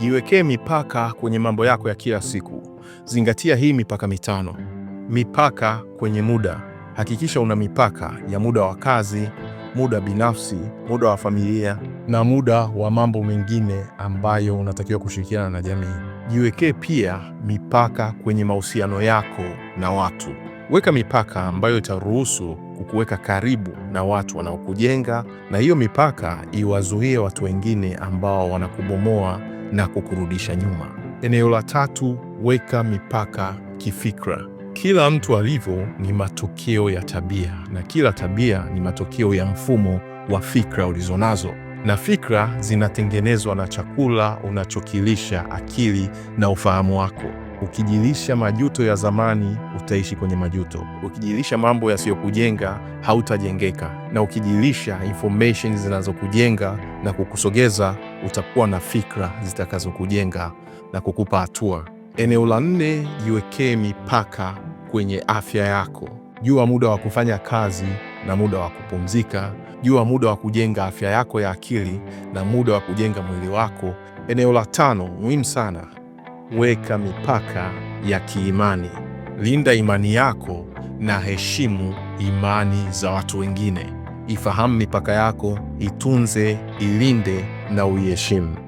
Jiwekee mipaka kwenye mambo yako ya kila siku. Zingatia hii mipaka mitano. Mipaka kwenye muda. Hakikisha una mipaka ya muda wa kazi, muda binafsi, muda wa familia na muda wa mambo mengine ambayo unatakiwa kushirikiana na jamii. Jiwekee pia mipaka kwenye mahusiano yako na watu. Weka mipaka ambayo itaruhusu kukuweka karibu na watu wanaokujenga, na hiyo mipaka iwazuie watu wengine ambao wanakubomoa na kukurudisha nyuma. Eneo la tatu, weka mipaka kifikra. Kila mtu alivyo ni matokeo ya tabia, na kila tabia ni matokeo ya mfumo wa fikra ulizonazo, na fikra zinatengenezwa na chakula unachokilisha akili na ufahamu wako. Ukijilisha majuto ya zamani, utaishi kwenye majuto. Ukijilisha mambo yasiyokujenga, hautajengeka, na ukijilisha information zinazokujenga na kukusogeza utakuwa na fikra zitakazokujenga na kukupa hatua. Eneo la nne, jiwekee mipaka kwenye afya yako. Jua muda wa kufanya kazi na muda wa kupumzika. Jua muda wa kujenga afya yako ya akili na muda wa kujenga mwili wako. Eneo la tano, muhimu sana, weka mipaka ya kiimani. Linda imani yako na heshimu imani za watu wengine. Ifahamu mipaka yako, itunze, ilinde na uiheshimu.